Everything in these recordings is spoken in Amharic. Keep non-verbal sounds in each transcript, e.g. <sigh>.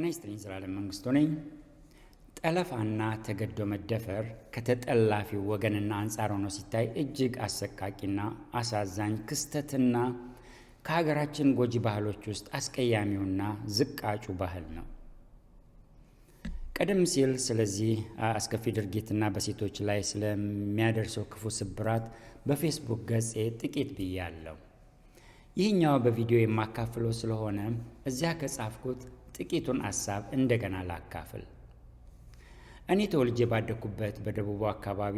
ጤና ይስጥልኝ። ዘላለም መንግስቱ ነኝ። ጠለፋና ተገዶ መደፈር ከተጠላፊው ወገንና አንጻር ሆኖ ሲታይ እጅግ አሰቃቂና አሳዛኝ ክስተትና ከሀገራችን ጎጂ ባህሎች ውስጥ አስቀያሚውና ዝቃጩ ባህል ነው። ቀደም ሲል ስለዚህ አስከፊ ድርጊትና በሴቶች ላይ ስለሚያደርሰው ክፉ ስብራት በፌስቡክ ገጼ ጥቂት ብያለሁ። ይህኛው በቪዲዮ የማካፍለው ስለሆነ እዚያ ከጻፍኩት ጥቂቱን አሳብ እንደገና ላካፍል። እኔ ተወልጄ ባደግኩበት በደቡቡ አካባቢ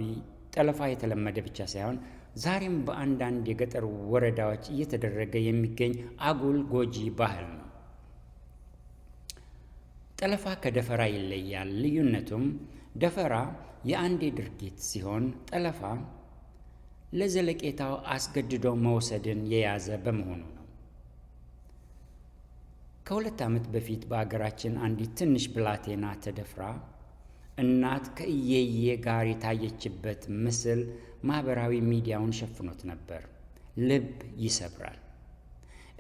ጠለፋ የተለመደ ብቻ ሳይሆን ዛሬም በአንዳንድ የገጠር ወረዳዎች እየተደረገ የሚገኝ አጉል ጎጂ ባህል ነው። ጠለፋ ከደፈራ ይለያል። ልዩነቱም ደፈራ የአንዴ ድርጊት ሲሆን፣ ጠለፋ ለዘለቄታው አስገድዶ መውሰድን የያዘ በመሆኑ ነው። ከሁለት ዓመት በፊት በአገራችን አንዲት ትንሽ ብላቴና ተደፍራ እናት ከእየዬ ጋር የታየችበት ምስል ማኅበራዊ ሚዲያውን ሸፍኖት ነበር። ልብ ይሰብራል።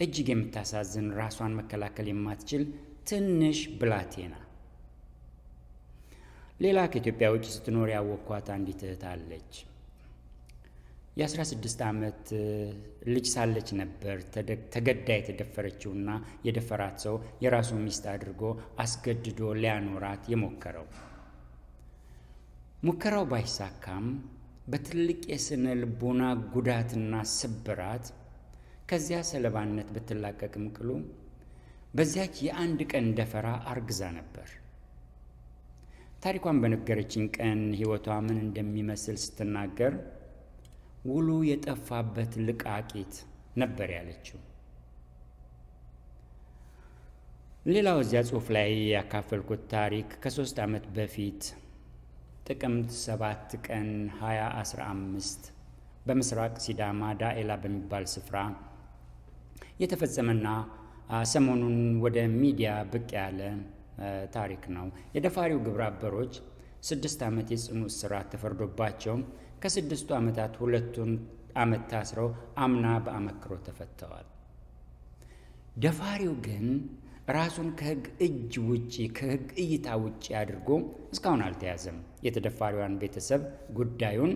እጅግ የምታሳዝን ራሷን መከላከል የማትችል ትንሽ ብላቴና። ሌላ ከኢትዮጵያ ውጭ ስትኖር ያወቅኳት አንዲት እህት አለች። የ16 ዓመት ልጅ ሳለች ነበር ተገዳ የተደፈረችውና የደፈራት ሰው የራሱ ሚስት አድርጎ አስገድዶ ሊያኖራት የሞከረው። ሙከራው ባይሳካም በትልቅ የስነ ልቦና ጉዳትና ስብራት ከዚያ ሰለባነት ብትላቀቅም ቅሉ በዚያች የአንድ ቀን ደፈራ አርግዛ ነበር። ታሪኳን በነገረችኝ ቀን ሕይወቷ ምን እንደሚመስል ስትናገር ውሉ የጠፋበት ልቃቂት ነበር ያለችው። ሌላው እዚያ ጽሁፍ ላይ ያካፈልኩት ታሪክ ከሶስት ዓመት በፊት ጥቅምት ሰባት ቀን 2015 በምስራቅ ሲዳማ ዳኤላ በሚባል ስፍራ የተፈጸመና ሰሞኑን ወደ ሚዲያ ብቅ ያለ ታሪክ ነው። የደፋሪው ግብረ አበሮች ስድስት ዓመት የጽኑ እስራት ተፈርዶባቸው ከስድስቱ ዓመታት ሁለቱን ዓመት ታስረው አምና በአመክሮ ተፈተዋል። ደፋሪው ግን ራሱን ከሕግ እጅ ውጪ ከሕግ እይታ ውጪ አድርጎ እስካሁን አልተያዘም። የተደፋሪዋን ቤተሰብ ጉዳዩን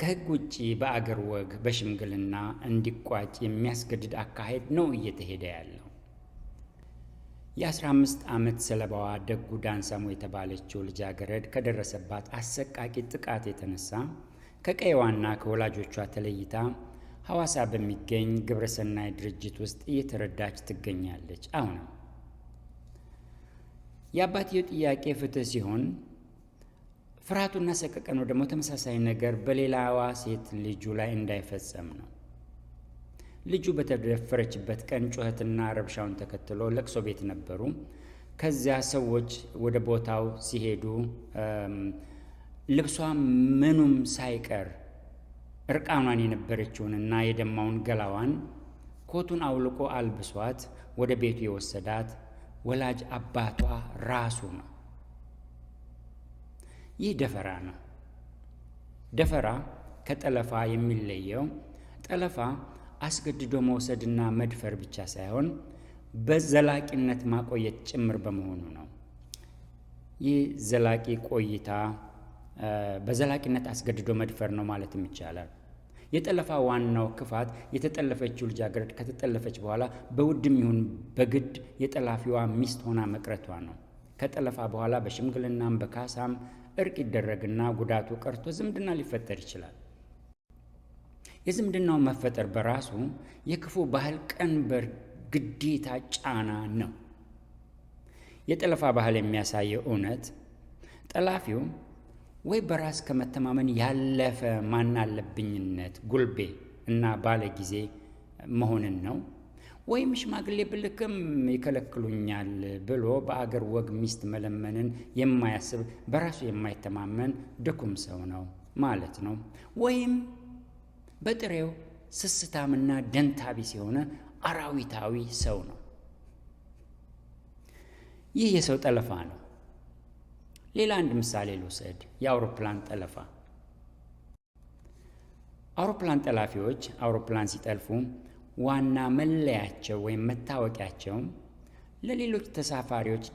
ከሕግ ውጪ በአገር ወግ በሽምግልና እንዲቋጭ የሚያስገድድ አካሄድ ነው እየተሄደ ያለው። የ15 ዓመት ሰለባዋ ደጉ ዳንሳሞ የተባለችው ልጃገረድ ከደረሰባት አሰቃቂ ጥቃት የተነሳ ከቀይዋና ከወላጆቿ ተለይታ ሐዋሳ በሚገኝ ግብረሰናይ ድርጅት ውስጥ እየተረዳች ትገኛለች። አሁንም የአባትየው ጥያቄ ፍትህ ሲሆን ፍርሃቱና ሰቀቀኑ ደግሞ ተመሳሳይ ነገር በሌላዋ ሴት ልጁ ላይ እንዳይፈጸም ነው። ልጁ በተደፈረችበት ቀን ጩኸትና ረብሻውን ተከትሎ ለቅሶ ቤት ነበሩ። ከዚያ ሰዎች ወደ ቦታው ሲሄዱ ልብሷ ምኑም ሳይቀር እርቃኗን የነበረችውንና የደማውን ገላዋን ኮቱን አውልቆ አልብሷት ወደ ቤቱ የወሰዳት ወላጅ አባቷ ራሱ ነው። ይህ ደፈራ ነው። ደፈራ ከጠለፋ የሚለየው ጠለፋ አስገድዶ መውሰድና መድፈር ብቻ ሳይሆን በዘላቂነት ማቆየት ጭምር በመሆኑ ነው። ይህ ዘላቂ ቆይታ በዘላቂነት አስገድዶ መድፈር ነው ማለትም ይቻላል። የጠለፋ ዋናው ክፋት የተጠለፈችው ልጃገረድ ከተጠለፈች በኋላ በውድም ይሁን በግድ የጠላፊዋ ሚስት ሆና መቅረቷ ነው። ከጠለፋ በኋላ በሽምግልናም በካሳም እርቅ ይደረግና ጉዳቱ ቀርቶ ዝምድና ሊፈጠር ይችላል። የዝምድናው መፈጠር በራሱ የክፉ ባህል ቀንበር ግዴታ ጫና ነው። የጠለፋ ባህል የሚያሳየው እውነት ጠላፊው ወይ በራስ ከመተማመን ያለፈ ማናለብኝነት፣ ጉልቤ እና ባለ ጊዜ መሆንን ነው ወይም ሽማግሌ ብልክም ይከለክሉኛል ብሎ በአገር ወግ ሚስት መለመንን የማያስብ በራሱ የማይተማመን ድኩም ሰው ነው ማለት ነው። ወይም በጥሬው ስስታምና ደንታቢስ የሆነ አራዊታዊ ሰው ነው። ይህ የሰው ጠለፋ ነው። ሌላ አንድ ምሳሌ ልውሰድ። የአውሮፕላን ጠለፋ። አውሮፕላን ጠላፊዎች አውሮፕላን ሲጠልፉ ዋና መለያቸው ወይም መታወቂያቸው ለሌሎች ተሳፋሪዎች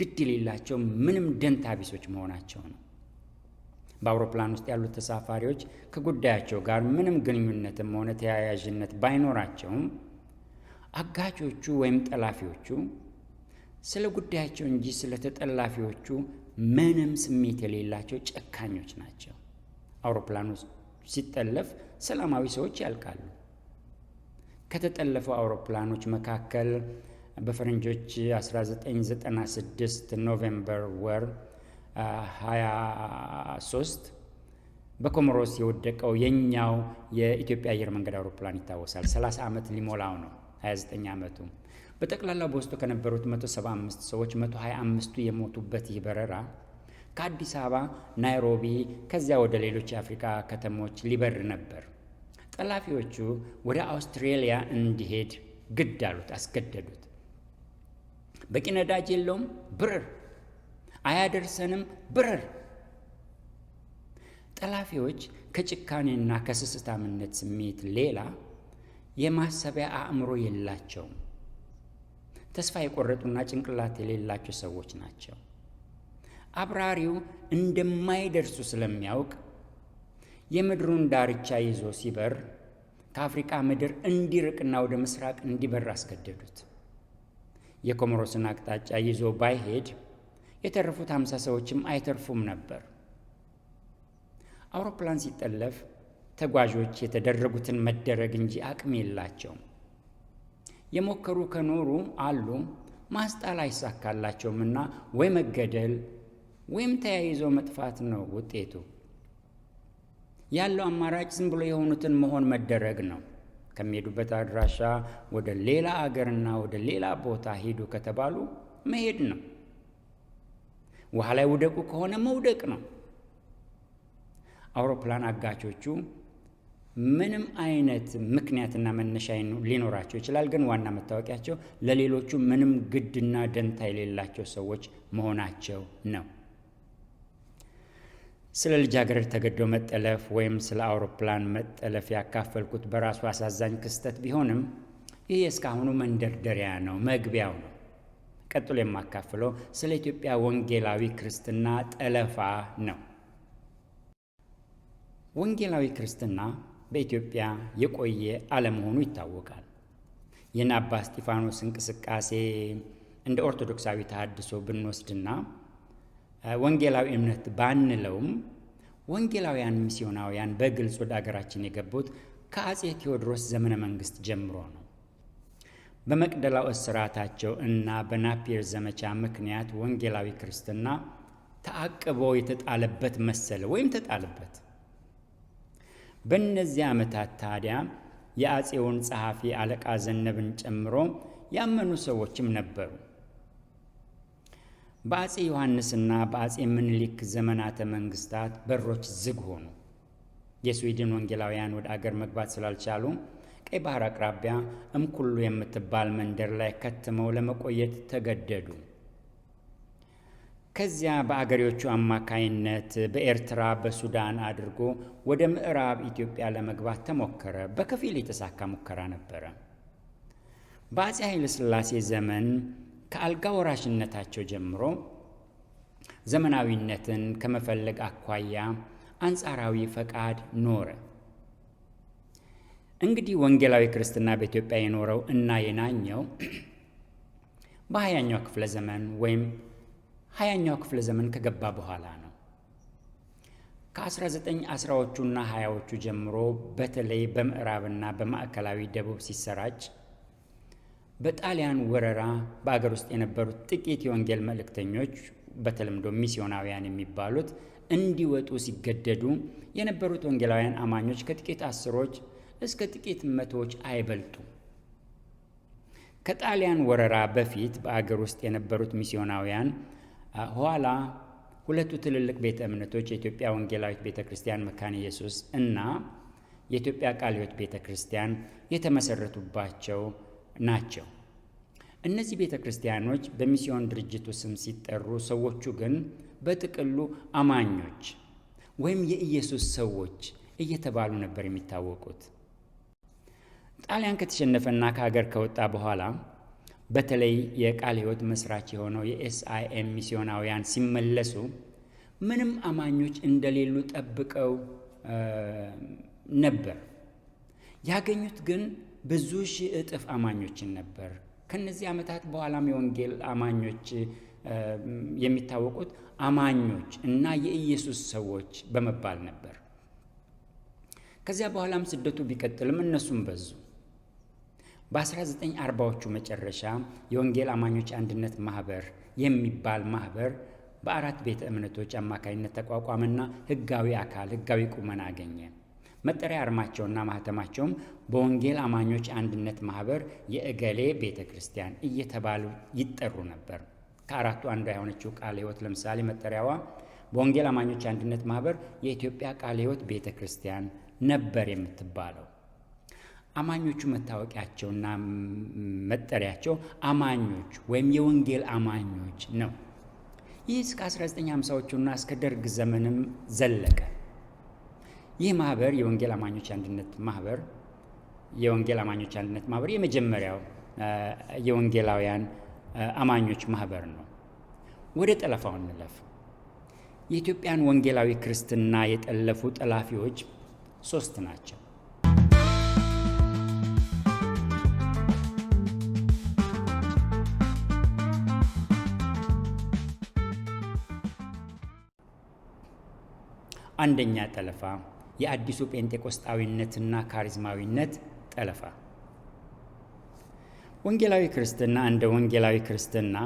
ግድ የሌላቸው ምንም ደንታ ቢሶች መሆናቸው ነው። በአውሮፕላን ውስጥ ያሉት ተሳፋሪዎች ከጉዳያቸው ጋር ምንም ግንኙነትም ሆነ ተያያዥነት ባይኖራቸውም አጋቾቹ ወይም ጠላፊዎቹ ስለ ጉዳያቸው እንጂ ስለ ተጠላፊዎቹ ምንም ስሜት የሌላቸው ጨካኞች ናቸው። አውሮፕላኑ ሲጠለፍ ሰላማዊ ሰዎች ያልቃሉ። ከተጠለፉ አውሮፕላኖች መካከል በፈረንጆች 1996 ኖቬምበር ወር 23 በኮሞሮስ የወደቀው የኛው የኢትዮጵያ አየር መንገድ አውሮፕላን ይታወሳል። 30 ዓመት ሊሞላው ነው፣ 29 ዓመቱ። በጠቅላላው በውስጡ ከነበሩት 175 ሰዎች 125ቱ የሞቱበት ይህ በረራ ከአዲስ አበባ ናይሮቢ፣ ከዚያ ወደ ሌሎች የአፍሪካ ከተሞች ሊበር ነበር። ጠላፊዎቹ ወደ አውስትሬሊያ እንዲሄድ ግድ አሉት፣ አስገደዱት። በቂ ነዳጅ የለውም፣ ብርር አያደርሰንም ብርር። ጠላፊዎች ከጭካኔና ከስስታምነት ስሜት ሌላ የማሰቢያ አእምሮ የላቸውም። ተስፋ የቆረጡና ጭንቅላት የሌላቸው ሰዎች ናቸው። አብራሪው እንደማይደርሱ ስለሚያውቅ የምድሩን ዳርቻ ይዞ ሲበር ከአፍሪቃ ምድር እንዲርቅና ወደ ምስራቅ እንዲበር አስገደዱት። የኮሞሮስን አቅጣጫ ይዞ ባይሄድ የተረፉት ሀምሳ ሰዎችም አይተርፉም ነበር። አውሮፕላን ሲጠለፍ ተጓዦች የተደረጉትን መደረግ እንጂ አቅም የላቸውም። የሞከሩ ከኖሩ አሉ ማስጣል አይሳካላቸውምና እና ወይ መገደል ወይም ተያይዞ መጥፋት ነው ውጤቱ። ያለው አማራጭ ዝም ብሎ የሆኑትን መሆን መደረግ ነው። ከሚሄዱበት አድራሻ ወደ ሌላ አገርና ወደ ሌላ ቦታ ሄዱ ከተባሉ መሄድ ነው። ውሃ ላይ ውደቁ ከሆነ መውደቅ ነው። አውሮፕላን አጋቾቹ ምንም አይነት ምክንያትና መነሻ ሊኖራቸው ይችላል፣ ግን ዋና መታወቂያቸው ለሌሎቹ ምንም ግድና ደንታ የሌላቸው ሰዎች መሆናቸው ነው። ስለ ልጃገረድ ተገዶ መጠለፍ ወይም ስለ አውሮፕላን መጠለፍ ያካፈልኩት በራሱ አሳዛኝ ክስተት ቢሆንም ይህ እስካሁኑ መንደርደሪያ ነው፣ መግቢያው ነው። ቀጥሎ የማካፍለው ስለ ኢትዮጵያ ወንጌላዊ ክርስትና ጠለፋ ነው። ወንጌላዊ ክርስትና በኢትዮጵያ የቆየ አለመሆኑ ይታወቃል። አባ እስጢፋኖስ እንቅስቃሴ እንደ ኦርቶዶክሳዊ ተሐድሶ ብንወስድና ወንጌላዊ እምነት ባንለውም ወንጌላውያን ሚስዮናውያን በግልጽ ወደ አገራችን የገቡት ከአጼ ቴዎድሮስ ዘመነ መንግስት ጀምሮ ነው። በመቅደላው እስራታቸው እና በናፒየር ዘመቻ ምክንያት ወንጌላዊ ክርስትና ተአቅቦ የተጣለበት መሰለ ወይም ተጣለበት። በእነዚህ ዓመታት ታዲያ የአፄውን ጸሐፊ አለቃ ዘነብን ጨምሮ ያመኑ ሰዎችም ነበሩ። በአፄ ዮሐንስና በአፄ ምኒልክ ዘመናተ መንግስታት በሮች ዝግ ሆኑ። የስዊድን ወንጌላውያን ወደ አገር መግባት ስላልቻሉ ቀይ ባህር አቅራቢያ እምኩሉ የምትባል መንደር ላይ ከትመው ለመቆየት ተገደዱ። ከዚያ በአገሬዎቹ አማካይነት በኤርትራ በሱዳን አድርጎ ወደ ምዕራብ ኢትዮጵያ ለመግባት ተሞከረ። በከፊል የተሳካ ሙከራ ነበረ። በአፄ ኃይለ ሥላሴ ዘመን ከአልጋ ወራሽነታቸው ጀምሮ ዘመናዊነትን ከመፈለግ አኳያ አንጻራዊ ፈቃድ ኖረ። እንግዲህ ወንጌላዊ ክርስትና በኢትዮጵያ የኖረው እና የናኘው <clears throat> በሀያኛው ክፍለ ዘመን ወይም ሀያኛው ክፍለ ዘመን ከገባ በኋላ ነው። ከ1910ዎቹና ሀያዎቹ ጀምሮ በተለይ በምዕራብና በማዕከላዊ ደቡብ ሲሰራጭ በጣሊያን ወረራ በአገር ውስጥ የነበሩት ጥቂት የወንጌል መልእክተኞች በተለምዶ ሚስዮናውያን የሚባሉት እንዲወጡ ሲገደዱ የነበሩት ወንጌላውያን አማኞች ከጥቂት አስሮች እስከ ጥቂት መቶዎች አይበልጡም። ከጣሊያን ወረራ በፊት በአገር ውስጥ የነበሩት ሚስዮናውያን ኋላ ሁለቱ ትልልቅ ቤተ እምነቶች የኢትዮጵያ ወንጌላዊት ቤተ ክርስቲያን መካነ ኢየሱስ እና የኢትዮጵያ ቃለ ሕይወት ቤተ ክርስቲያን የተመሰረቱባቸው ናቸው። እነዚህ ቤተ ክርስቲያኖች በሚስዮን ድርጅቱ ስም ሲጠሩ፣ ሰዎቹ ግን በጥቅሉ አማኞች ወይም የኢየሱስ ሰዎች እየተባሉ ነበር የሚታወቁት። ጣሊያን ከተሸነፈና ከሀገር ከወጣ በኋላ በተለይ የቃል ሕይወት መስራች የሆነው የኤስአይኤም ሚስዮናውያን ሲመለሱ ምንም አማኞች እንደሌሉ ጠብቀው ነበር። ያገኙት ግን ብዙ ሺህ እጥፍ አማኞችን ነበር። ከነዚህ ዓመታት በኋላም የወንጌል አማኞች የሚታወቁት አማኞች እና የኢየሱስ ሰዎች በመባል ነበር። ከዚያ በኋላም ስደቱ ቢቀጥልም እነሱም በዙ። በ1940ዎቹ መጨረሻ የወንጌል አማኞች አንድነት ማህበር የሚባል ማህበር በአራት ቤተ እምነቶች አማካኝነት ተቋቋመና ህጋዊ አካል ህጋዊ ቁመና አገኘ። መጠሪያ አርማቸውና ማህተማቸውም በወንጌል አማኞች አንድነት ማህበር የእገሌ ቤተ ክርስቲያን እየተባሉ ይጠሩ ነበር። ከአራቱ አንዷ የሆነችው ቃለ ሕይወት ለምሳሌ መጠሪያዋ በወንጌል አማኞች አንድነት ማህበር የኢትዮጵያ ቃለ ሕይወት ቤተ ክርስቲያን ነበር የምትባለው። አማኞቹ መታወቂያቸውና መጠሪያቸው አማኞች ወይም የወንጌል አማኞች ነው። ይህ እስከ 1950ዎቹና እስከ ደርግ ዘመንም ዘለቀ። ይህ ማህበር የወንጌል አማኞች አንድነት ማህበር የወንጌል አማኞች አንድነት ማህበር የመጀመሪያው የወንጌላውያን አማኞች ማህበር ነው። ወደ ጠለፋው እንለፍ። የኢትዮጵያን ወንጌላዊ ክርስትና የጠለፉ ጠላፊዎች ሶስት ናቸው። አንደኛ ጠለፋ የአዲሱ ጴንጤቆስጣዊነትና ካሪዝማዊነት ጠለፋ። ወንጌላዊ ክርስትና እንደ ወንጌላዊ ክርስትና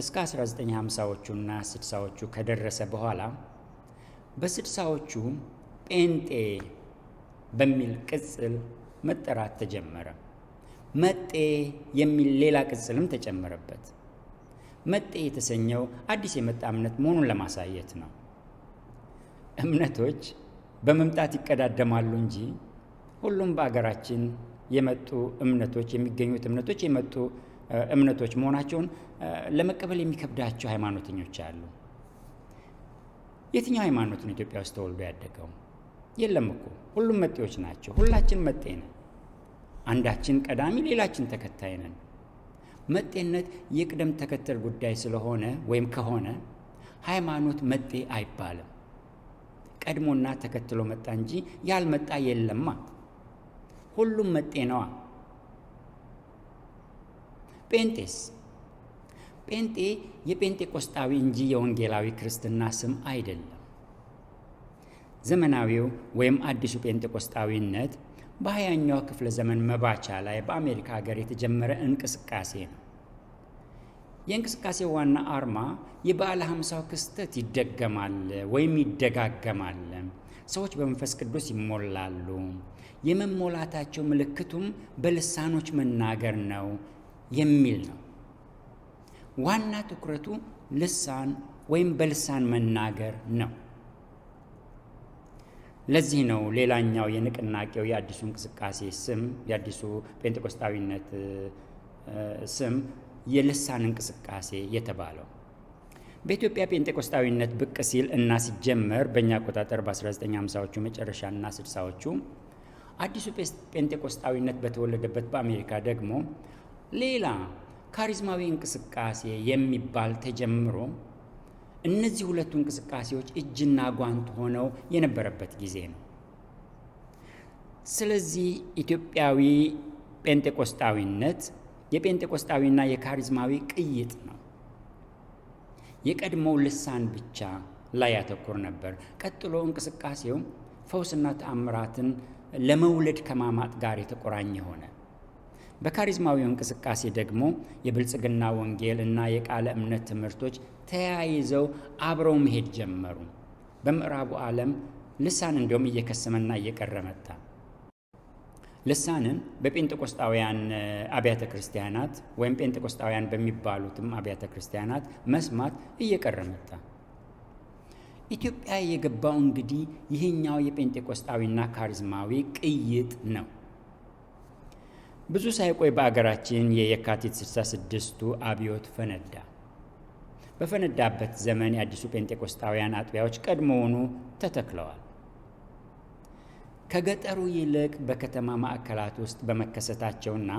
እስከ 1950ዎቹና 60ዎቹ ከደረሰ በኋላ በስድሳዎቹ ጴንጤ በሚል ቅጽል መጠራት ተጀመረ። መጤ የሚል ሌላ ቅጽልም ተጨመረበት። መጤ የተሰኘው አዲስ የመጣ እምነት መሆኑን ለማሳየት ነው። እምነቶች በመምጣት ይቀዳደማሉ እንጂ ሁሉም በአገራችን የመጡ እምነቶች የሚገኙት እምነቶች የመጡ እምነቶች መሆናቸውን ለመቀበል የሚከብዳቸው ሃይማኖተኞች አሉ። የትኛው ሃይማኖት ነው ኢትዮጵያ ውስጥ ተወልዶ ያደገው? የለም እኮ ሁሉም መጤዎች ናቸው። ሁላችን መጤ ነን። አንዳችን ቀዳሚ፣ ሌላችን ተከታይ ነን። መጤነት የቅደም ተከተል ጉዳይ ስለሆነ ወይም ከሆነ ሃይማኖት መጤ አይባልም። ቀድሞና ተከትሎ መጣ እንጂ ያልመጣ የለማ። ሁሉም መጤ ነዋ። ጴንጤስ ጴንጤ የጴንጤቆስጣዊ እንጂ የወንጌላዊ ክርስትና ስም አይደለም። ዘመናዊው ወይም አዲሱ ጴንጤቆስጣዊነት በሀያኛው ክፍለ ዘመን መባቻ ላይ በአሜሪካ ሀገር የተጀመረ እንቅስቃሴ ነው። የእንቅስቃሴ ዋና አርማ የበዓለ ሐምሳው ክስተት ይደገማል ወይም ይደጋገማል። ሰዎች በመንፈስ ቅዱስ ይሞላሉ። የመሞላታቸው ምልክቱም በልሳኖች መናገር ነው የሚል ነው። ዋና ትኩረቱ ልሳን ወይም በልሳን መናገር ነው። ለዚህ ነው ሌላኛው የንቅናቄው የአዲሱ እንቅስቃሴ ስም የአዲሱ ጴንጤቆስጣዊነት ስም የልሳን እንቅስቃሴ የተባለው በኢትዮጵያ ጴንጤቆስጣዊነት ብቅ ሲል እና ሲጀመር በእኛ አቆጣጠር በ1950ዎቹ መጨረሻ እና 60ዎቹ አዲሱ ጴንጤቆስጣዊነት በተወለደበት በአሜሪካ ደግሞ ሌላ ካሪዝማዊ እንቅስቃሴ የሚባል ተጀምሮ እነዚህ ሁለቱ እንቅስቃሴዎች እጅና ጓንት ሆነው የነበረበት ጊዜ ነው። ስለዚህ ኢትዮጵያዊ ጴንጤቆስጣዊነት የጴንጤቆስጣዊና የካሪዝማዊ ቅይጥ ነው። የቀድሞው ልሳን ብቻ ላይ ያተኩር ነበር። ቀጥሎ እንቅስቃሴው ፈውስና ተአምራትን ለመውለድ ከማማጥ ጋር የተቆራኘ ሆነ። በካሪዝማዊው እንቅስቃሴ ደግሞ የብልጽግና ወንጌል እና የቃለ እምነት ትምህርቶች ተያይዘው አብረው መሄድ ጀመሩ። በምዕራቡ ዓለም ልሳን እንዲሁም እየከሰመና እየቀረ መጣ። ልሳንን በጴንጤቆስጣውያን አብያተ ክርስቲያናት ወይም ጴንጤቆስጣውያን በሚባሉትም አብያተ ክርስቲያናት መስማት እየቀረ መጣ። ኢትዮጵያ የገባው እንግዲህ ይህኛው የጴንጤቆስጣዊና ካሪዝማዊ ቅይጥ ነው። ብዙ ሳይቆይ በአገራችን የየካቲት 66ቱ አብዮት ፈነዳ። በፈነዳበት ዘመን የአዲሱ ጴንጤቆስጣውያን አጥቢያዎች ቀድሞውኑ ተተክለዋል። ከገጠሩ ይልቅ በከተማ ማዕከላት ውስጥ በመከሰታቸውና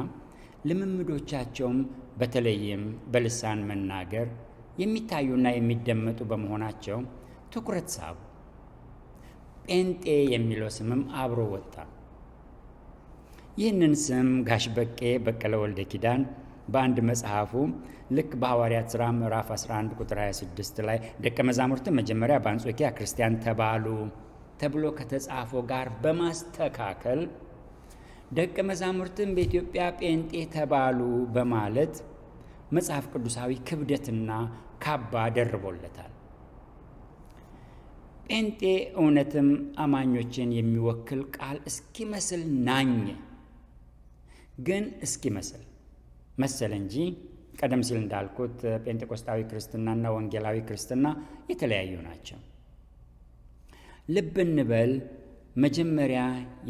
ልምምዶቻቸውም በተለይም በልሳን መናገር የሚታዩና የሚደመጡ በመሆናቸው ትኩረት ሳቡ። ጴንጤ የሚለው ስምም አብሮ ወጣ። ይህንን ስም ጋሽ በቄ በቀለ ወልደ ኪዳን በአንድ መጽሐፉ ልክ በሐዋርያት ሥራ ምዕራፍ 11 ቁጥር 26 ላይ ደቀ መዛሙርትን መጀመሪያ በአንጾኪያ ክርስቲያን ተባሉ ተብሎ ከተጻፈው ጋር በማስተካከል ደቀ መዛሙርትም በኢትዮጵያ ጴንጤ ተባሉ በማለት መጽሐፍ ቅዱሳዊ ክብደትና ካባ ደርቦለታል። ጴንጤ እውነትም አማኞችን የሚወክል ቃል እስኪመስል ናኝ ግን እስኪመስል መሰል እንጂ ቀደም ሲል እንዳልኩት ጴንጤቆስጣዊ ክርስትናና ወንጌላዊ ክርስትና የተለያዩ ናቸው። ልብ እንበል መጀመሪያ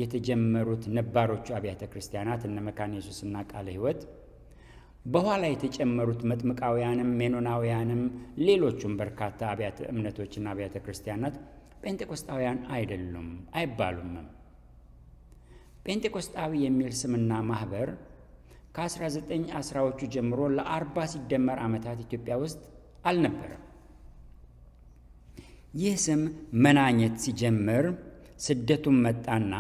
የተጀመሩት ነባሮቹ አብያተ ክርስቲያናት እነ መካነ ኢየሱስና ቃለ ሕይወት በኋላ የተጨመሩት መጥምቃውያንም ሜኖናውያንም ሌሎቹም በርካታ አብያተ እምነቶችና አብያተ ክርስቲያናት ጴንጤቆስጣውያን አይደሉም አይባሉምም። ጴንጤቆስጣዊ የሚል ስምና ማህበር ከ1910ዎቹ ጀምሮ ለአርባ ሲደመር ዓመታት ኢትዮጵያ ውስጥ አልነበረም። ይህ ስም መናኘት ሲጀምር ስደቱን መጣና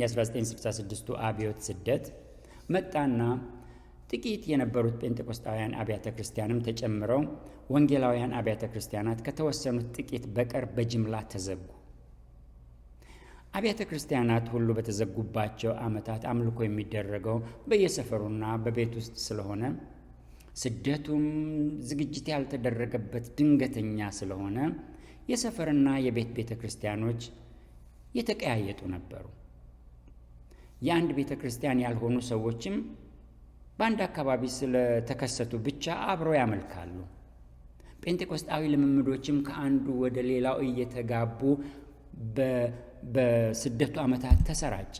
የ1966ቱ አብዮት ስደት መጣና ጥቂት የነበሩት ጴንጤቆስጣውያን አብያተ ክርስቲያንም ተጨምረው ወንጌላውያን አብያተ ክርስቲያናት ከተወሰኑት ጥቂት በቀር በጅምላ ተዘጉ። አብያተ ክርስቲያናት ሁሉ በተዘጉባቸው ዓመታት አምልኮ የሚደረገው በየሰፈሩና በቤት ውስጥ ስለሆነ ስደቱም ዝግጅት ያልተደረገበት ድንገተኛ ስለሆነ የሰፈርና የቤት ቤተ ክርስቲያኖች የተቀያየጡ ነበሩ። የአንድ ቤተ ክርስቲያን ያልሆኑ ሰዎችም በአንድ አካባቢ ስለተከሰቱ ብቻ አብረው ያመልካሉ። ጴንጤቆስጣዊ ልምምዶችም ከአንዱ ወደ ሌላው እየተጋቡ በስደቱ ዓመታት ተሰራጨ።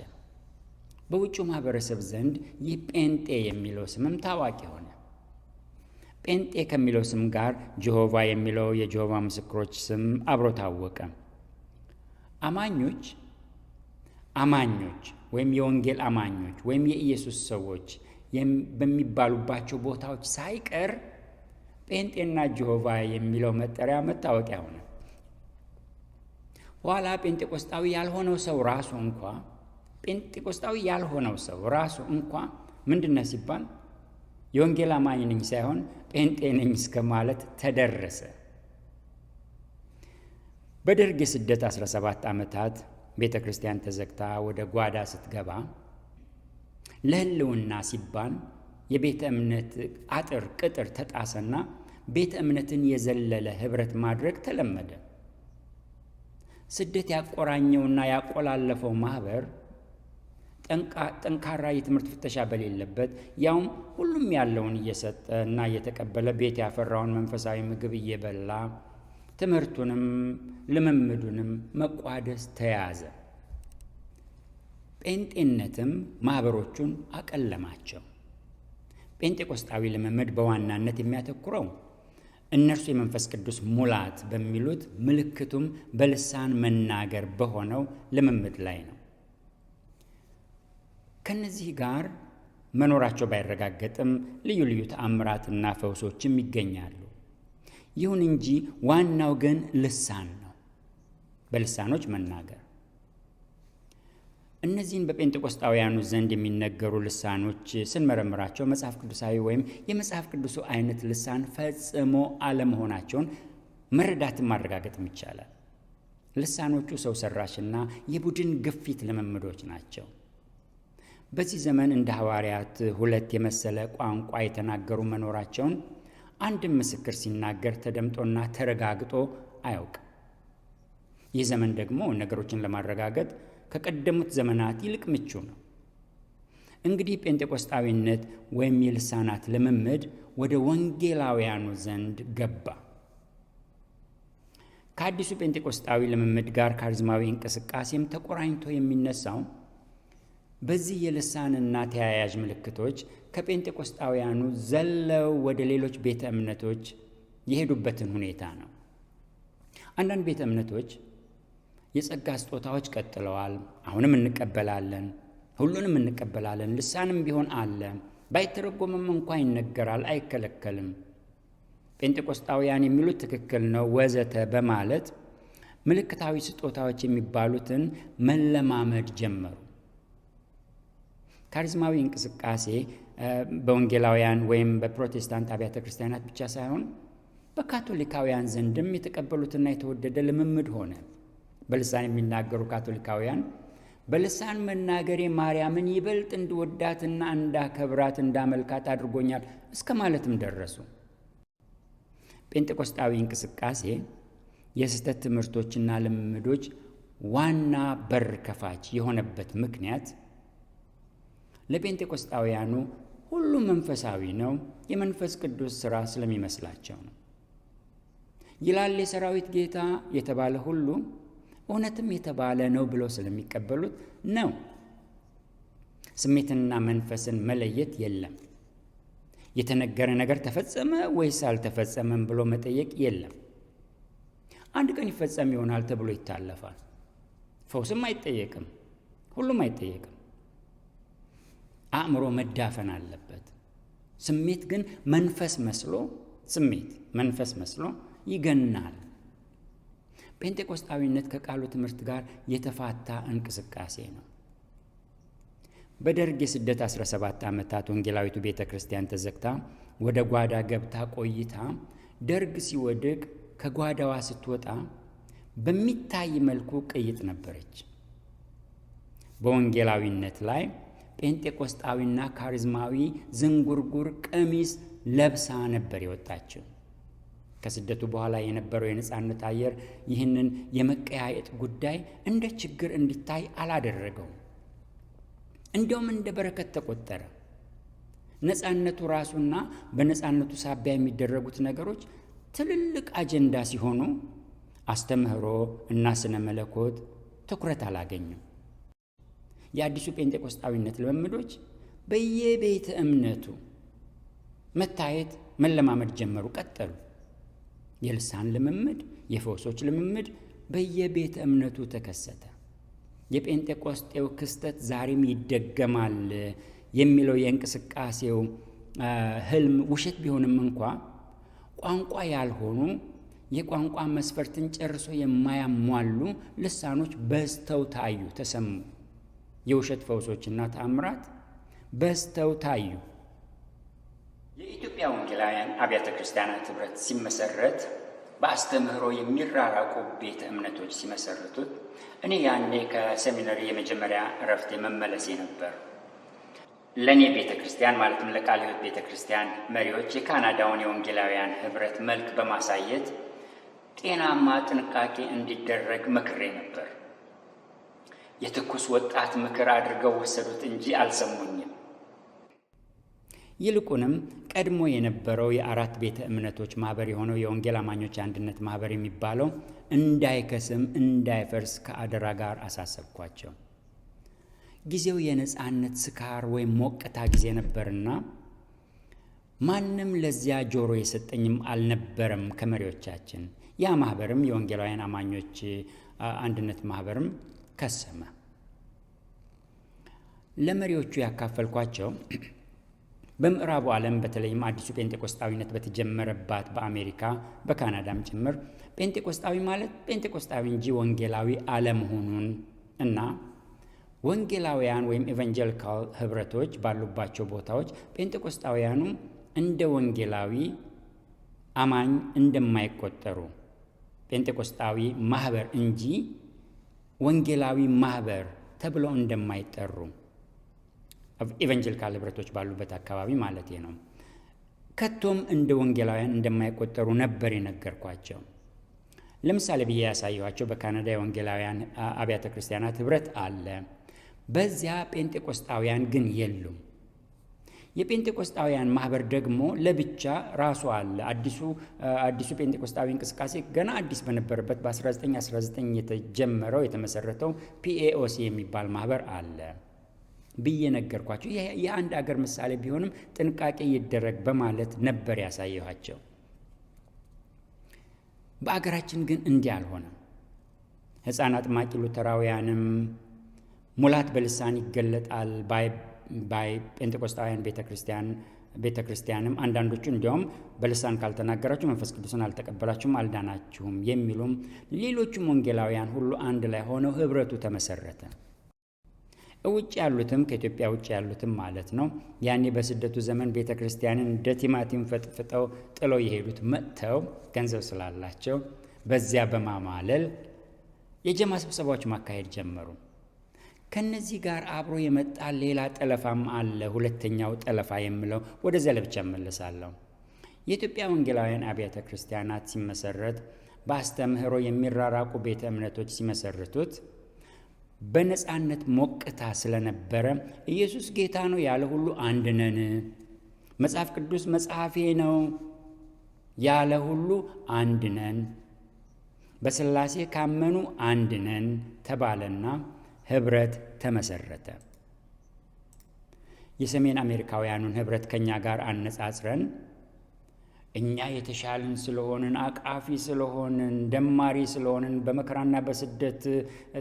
በውጭው ማህበረሰብ ዘንድ ይህ ጴንጤ የሚለው ስምም ታዋቂ ሆነ። ጴንጤ ከሚለው ስም ጋር ጀሆቫ የሚለው የጀሆቫ ምስክሮች ስም አብሮ ታወቀ። አማኞች አማኞች ወይም የወንጌል አማኞች ወይም የኢየሱስ ሰዎች በሚባሉባቸው ቦታዎች ሳይቀር ጴንጤና ጀሆቫ የሚለው መጠሪያ መታወቂያ ሆነ። ኋላ ጴንጤቆስጣዊ ያልሆነው ሰው ራሱ እንኳ ጴንጤቆስጣዊ ያልሆነው ሰው ራሱ እንኳ ምንድነው ሲባል የወንጌል አማኝ ነኝ ሳይሆን ጴንጤ ነኝ እስከ ማለት ተደረሰ። በደርግ የስደት 17 ዓመታት ቤተ ክርስቲያን ተዘግታ ወደ ጓዳ ስትገባ ለህልውና ሲባል የቤተ እምነት አጥር ቅጥር ተጣሰና ቤተ እምነትን የዘለለ ህብረት ማድረግ ተለመደ። ስደት ያቆራኘውና ያቆላለፈው ማኅበር ጠንካራ የትምህርት ፍተሻ በሌለበት ያውም ሁሉም ያለውን እየሰጠ እና እየተቀበለ ቤት ያፈራውን መንፈሳዊ ምግብ እየበላ ትምህርቱንም ልምምዱንም መቋደስ ተያዘ። ጴንጤነትም ማኅበሮቹን አቀለማቸው። ጴንጤቆስጣዊ ልምምድ በዋናነት የሚያተኩረው እነርሱ የመንፈስ ቅዱስ ሙላት በሚሉት ምልክቱም በልሳን መናገር በሆነው ልምምድ ላይ ነው። ከነዚህ ጋር መኖራቸው ባይረጋገጥም ልዩ ልዩ ተአምራትና ፈውሶችም ይገኛሉ። ይሁን እንጂ ዋናው ግን ልሳን ነው፣ በልሳኖች መናገር። እነዚህን በጴንጤቆስጣውያኑ ዘንድ የሚነገሩ ልሳኖች ስንመረምራቸው መጽሐፍ ቅዱሳዊ ወይም የመጽሐፍ ቅዱሱ አይነት ልሳን ፈጽሞ አለመሆናቸውን መረዳት ማረጋገጥም ይቻላል። ልሳኖቹ ሰው ሰራሽና የቡድን ግፊት ልምምዶች ናቸው። በዚህ ዘመን እንደ ሐዋርያት ሁለት የመሰለ ቋንቋ የተናገሩ መኖራቸውን አንድም ምስክር ሲናገር ተደምጦና ተረጋግጦ አያውቅም። ይህ ዘመን ደግሞ ነገሮችን ለማረጋገጥ ከቀደሙት ዘመናት ይልቅ ምቹ ነው። እንግዲህ ጴንጤቆስጣዊነት ወይም የልሳናት ልምምድ ወደ ወንጌላውያኑ ዘንድ ገባ። ከአዲሱ ጴንጤቆስጣዊ ልምምድ ጋር ካሪዝማዊ እንቅስቃሴም ተቆራኝቶ የሚነሳው በዚህ የልሳንና ተያያዥ ምልክቶች ከጴንጤቆስጣውያኑ ዘለው ወደ ሌሎች ቤተ እምነቶች የሄዱበትን ሁኔታ ነው። አንዳንድ ቤተ እምነቶች የጸጋ ስጦታዎች ቀጥለዋል፣ አሁንም እንቀበላለን፣ ሁሉንም እንቀበላለን፣ ልሳንም ቢሆን አለ፣ ባይተረጎምም እንኳ ይነገራል፣ አይከለከልም፣ ጴንጤቆስጣውያን የሚሉት ትክክል ነው፣ ወዘተ በማለት ምልክታዊ ስጦታዎች የሚባሉትን መለማመድ ጀመሩ። ካሪዝማዊ እንቅስቃሴ በወንጌላውያን ወይም በፕሮቴስታንት አብያተ ክርስቲያናት ብቻ ሳይሆን በካቶሊካውያን ዘንድም የተቀበሉትና የተወደደ ልምምድ ሆነ። በልሳን የሚናገሩ ካቶሊካውያን በልሳን መናገሬ ማርያምን ይበልጥ እንድወዳትና እንዳከብራት እንዳመልካት አድርጎኛል እስከ ማለትም ደረሱ። ጴንጤቆስጣዊ እንቅስቃሴ የስህተት ትምህርቶችና ልምምዶች ዋና በር ከፋች የሆነበት ምክንያት ለጴንጤቆስጣውያኑ ሁሉም መንፈሳዊ ነው፣ የመንፈስ ቅዱስ ሥራ ስለሚመስላቸው ነው። ይላል የሰራዊት ጌታ የተባለ ሁሉ እውነትም የተባለ ነው ብለው ስለሚቀበሉት ነው። ስሜትንና መንፈስን መለየት የለም። የተነገረ ነገር ተፈጸመ ወይስ አልተፈጸመም ብሎ መጠየቅ የለም። አንድ ቀን ይፈጸም ይሆናል ተብሎ ይታለፋል። ፈውስም አይጠየቅም፣ ሁሉም አይጠየቅም። አእምሮ መዳፈን አለበት። ስሜት ግን መንፈስ መስሎ ስሜት መንፈስ መስሎ ይገናል። ጴንጤቆስጣዊነት ከቃሉ ትምህርት ጋር የተፋታ እንቅስቃሴ ነው። በደርግ የስደት 17 ዓመታት ወንጌላዊቱ ቤተ ክርስቲያን ተዘግታ ወደ ጓዳ ገብታ ቆይታ ደርግ ሲወድቅ ከጓዳዋ ስትወጣ በሚታይ መልኩ ቅይጥ ነበረች። በወንጌላዊነት ላይ ጴንጤቆስጣዊና ካሪዝማዊ ዝንጉርጉር ቀሚስ ለብሳ ነበር የወጣችው። ከስደቱ በኋላ የነበረው የነፃነት አየር ይህንን የመቀያየጥ ጉዳይ እንደ ችግር እንዲታይ አላደረገውም። እንዲያውም እንደ በረከት ተቆጠረ። ነፃነቱ ራሱና በነፃነቱ ሳቢያ የሚደረጉት ነገሮች ትልልቅ አጀንዳ ሲሆኑ አስተምህሮ እና ስነ መለኮት ትኩረት አላገኙም። የአዲሱ ጴንጤቆስጣዊነት ልምምዶች በየቤተ እምነቱ መታየት መለማመድ ጀመሩ፣ ቀጠሉ። የልሳን ልምምድ፣ የፈውሶች ልምምድ በየቤተ እምነቱ ተከሰተ። የጴንጤቆስጤው ክስተት ዛሬም ይደገማል የሚለው የእንቅስቃሴው ህልም ውሸት ቢሆንም እንኳ ቋንቋ ያልሆኑ የቋንቋ መስፈርትን ጨርሶ የማያሟሉ ልሳኖች በዝተው ታዩ፣ ተሰሙ። የውሸት ፈውሶችና ተአምራት በዝተው ታዩ። የኢትዮጵያ ወንጌላውያን አብያተ ክርስቲያናት ኅብረት ሲመሰረት በአስተምህሮ የሚራራቁ ቤተ እምነቶች ሲመሰርቱት እኔ ያኔ ከሴሚነሪ የመጀመሪያ እረፍት መመለሴ ነበር። ለእኔ ቤተ ክርስቲያን ማለትም ለቃለ ሕይወት ቤተ ክርስቲያን መሪዎች የካናዳውን የወንጌላውያን ኅብረት መልክ በማሳየት ጤናማ ጥንቃቄ እንዲደረግ መክሬ ነበር። የትኩስ ወጣት ምክር አድርገው ወሰዱት እንጂ አልሰሙኝም። ይልቁንም ቀድሞ የነበረው የአራት ቤተ እምነቶች ማህበር የሆነው የወንጌል አማኞች አንድነት ማህበር የሚባለው እንዳይከስም እንዳይፈርስ ከአደራ ጋር አሳሰብኳቸው። ጊዜው የነፃነት ስካር ወይም ሞቅታ ጊዜ ነበርና ማንም ለዚያ ጆሮ የሰጠኝም አልነበረም ከመሪዎቻችን። ያ ማህበርም የወንጌላውያን አማኞች አንድነት ማህበርም ከሰመ። ለመሪዎቹ ያካፈልኳቸው <clears throat> በምዕራቡ ዓለም በተለይም አዲሱ ጴንጤቆስጣዊነት በተጀመረባት በአሜሪካ በካናዳም ጭምር ጴንጤቆስጣዊ ማለት ጴንጤቆስጣዊ እንጂ ወንጌላዊ አለመሆኑን እና ወንጌላውያን ወይም ኤቫንጀሊካል ህብረቶች ባሉባቸው ቦታዎች ጴንጤቆስጣውያኑ እንደ ወንጌላዊ አማኝ እንደማይቆጠሩ ጴንጤቆስጣዊ ማህበር እንጂ ወንጌላዊ ማህበር ተብለው እንደማይጠሩ ኢቨንጀሊካል ህብረቶች ባሉበት አካባቢ ማለት ነው። ከቶም እንደ ወንጌላውያን እንደማይቆጠሩ ነበር የነገርኳቸው። ለምሳሌ ብዬ ያሳየኋቸው በካናዳ የወንጌላውያን አብያተ ክርስቲያናት ህብረት አለ። በዚያ ጴንጤቆስጣውያን ግን የሉም። የጴንጤቆስጣውያን ማህበር ደግሞ ለብቻ ራሱ አለ። አዲሱ አዲሱ ጴንጤቆስጣዊ እንቅስቃሴ ገና አዲስ በነበረበት በ1919 የተጀመረው የተመሰረተው ፒኤኦሲ የሚባል ማህበር አለ ብዬ ነገርኳቸው። የአንድ አገር ምሳሌ ቢሆንም ጥንቃቄ ይደረግ በማለት ነበር ያሳየኋቸው። በአገራችን ግን እንዲህ አልሆነም። ሕፃን አጥማቂ ሉተራውያንም ሙላት በልሳን ይገለጣል ባይ ጴንጤቆስጣውያን ቤተ ክርስቲያን ቤተ ክርስቲያንም አንዳንዶቹ እንዲያውም በልሳን ካልተናገራችሁ መንፈስ ቅዱስን አልተቀበላችሁም አልዳናችሁም የሚሉም ሌሎቹም ወንጌላውያን ሁሉ አንድ ላይ ሆነው ህብረቱ ተመሰረተ። ውጭ ያሉትም ከኢትዮጵያ ውጭ ያሉትም ማለት ነው። ያኔ በስደቱ ዘመን ቤተ ክርስቲያንን እንደ ቲማቲም ፈጥፍጠው ጥለው የሄዱት መጥተው ገንዘብ ስላላቸው በዚያ በማማለል የጀማ ስብሰባዎች ማካሄድ ጀመሩ። ከነዚህ ጋር አብሮ የመጣ ሌላ ጠለፋም አለ። ሁለተኛው ጠለፋ የምለው ወደ ዘለብቻ መለሳለሁ። የኢትዮጵያ ወንጌላውያን አብያተ ክርስቲያናት ሲመሰረት በአስተምህሮ የሚራራቁ ቤተ እምነቶች ሲመሰርቱት በነፃነት ሞቅታ ስለነበረ ኢየሱስ ጌታ ነው ያለ ሁሉ አንድ ነን፣ መጽሐፍ ቅዱስ መጽሐፌ ነው ያለ ሁሉ አንድ ነን፣ በስላሴ ካመኑ አንድ ነን ተባለና ህብረት ተመሰረተ። የሰሜን አሜሪካውያኑን ህብረት ከእኛ ጋር አነጻጽረን እኛ የተሻልን ስለሆንን አቃፊ ስለሆንን ደማሪ ስለሆንን በመከራና በስደት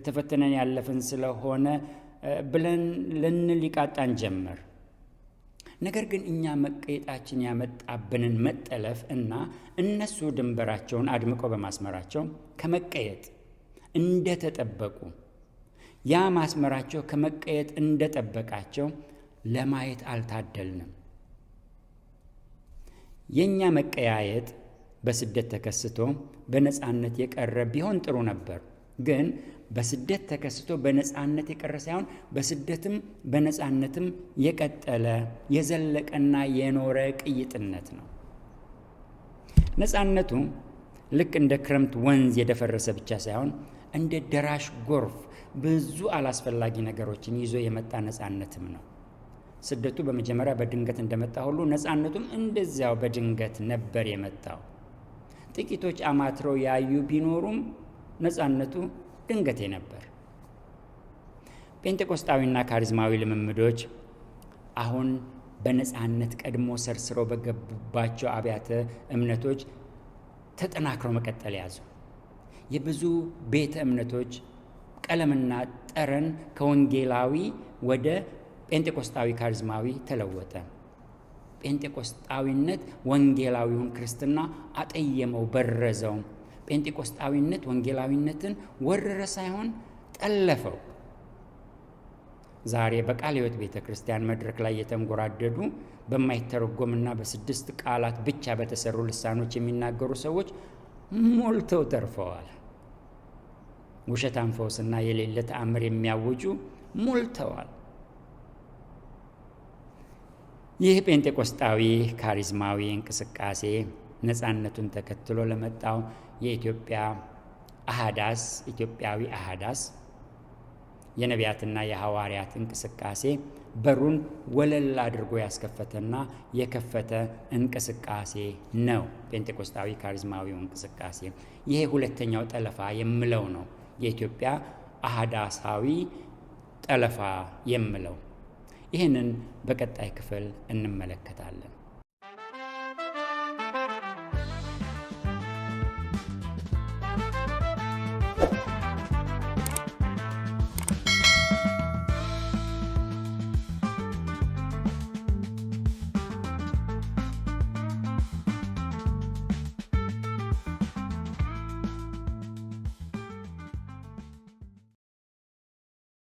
ተፈትነን ያለፍን ስለሆነ ብለን ልንል ሊቃጣን ጀመር። ነገር ግን እኛ መቀየጣችን ያመጣብንን መጠለፍ እና እነሱ ድንበራቸውን አድምቀው በማስመራቸው ከመቀየጥ እንደተጠበቁ ያ ማስመራቸው ከመቀየጥ እንደጠበቃቸው ለማየት አልታደልንም። የእኛ መቀያየጥ በስደት ተከስቶ በነፃነት የቀረ ቢሆን ጥሩ ነበር። ግን በስደት ተከስቶ በነፃነት የቀረ ሳይሆን በስደትም በነፃነትም የቀጠለ የዘለቀና የኖረ ቅይጥነት ነው። ነፃነቱ ልክ እንደ ክረምት ወንዝ የደፈረሰ ብቻ ሳይሆን እንደ ደራሽ ጎርፍ ብዙ አላስፈላጊ ነገሮችን ይዞ የመጣ ነፃነትም ነው። ስደቱ በመጀመሪያ በድንገት እንደመጣ ሁሉ ነፃነቱም እንደዚያው በድንገት ነበር የመጣው። ጥቂቶች አማትረው ያዩ ቢኖሩም ነፃነቱ ድንገቴ ነበር። ጴንጤቆስጣዊና ካሪዝማዊ ልምምዶች አሁን በነፃነት ቀድሞ ሰርስረው በገቡባቸው አብያተ እምነቶች ተጠናክረው መቀጠል ያዙ። የብዙ ቤተ እምነቶች ቀለምና ጠረን ከወንጌላዊ ወደ ጴንጤቆስጣዊ ካሪዝማዊ ተለወጠ። ጴንጤቆስጣዊነት ወንጌላዊውን ክርስትና አጠየመው፣ በረዘው። ጴንጤቆስጣዊነት ወንጌላዊነትን ወረረ ሳይሆን ጠለፈው። ዛሬ በቃለ ሕይወት ቤተ ክርስቲያን መድረክ ላይ የተንጎራደዱ በማይተረጎምና በስድስት ቃላት ብቻ በተሰሩ ልሳኖች የሚናገሩ ሰዎች ሞልተው ተርፈዋል። ውሸታም ፈውስና የሌለ ተአምር የሚያውጁ ሞልተዋል። ይህ ጴንጤቆስጣዊ ካሪዝማዊ እንቅስቃሴ ነፃነቱን ተከትሎ ለመጣው የኢትዮጵያ አህዳስ ኢትዮጵያዊ አህዳስ የነቢያትና የሐዋርያት እንቅስቃሴ በሩን ወለል አድርጎ ያስከፈተና የከፈተ እንቅስቃሴ ነው። ጴንጤቆስጣዊ ካሪዝማዊው እንቅስቃሴ ይሄ ሁለተኛው ጠለፋ የምለው ነው። የኢትዮጵያ አህዳሳዊ ጠለፋ የምለው። ይህንን በቀጣይ ክፍል እንመለከታለን።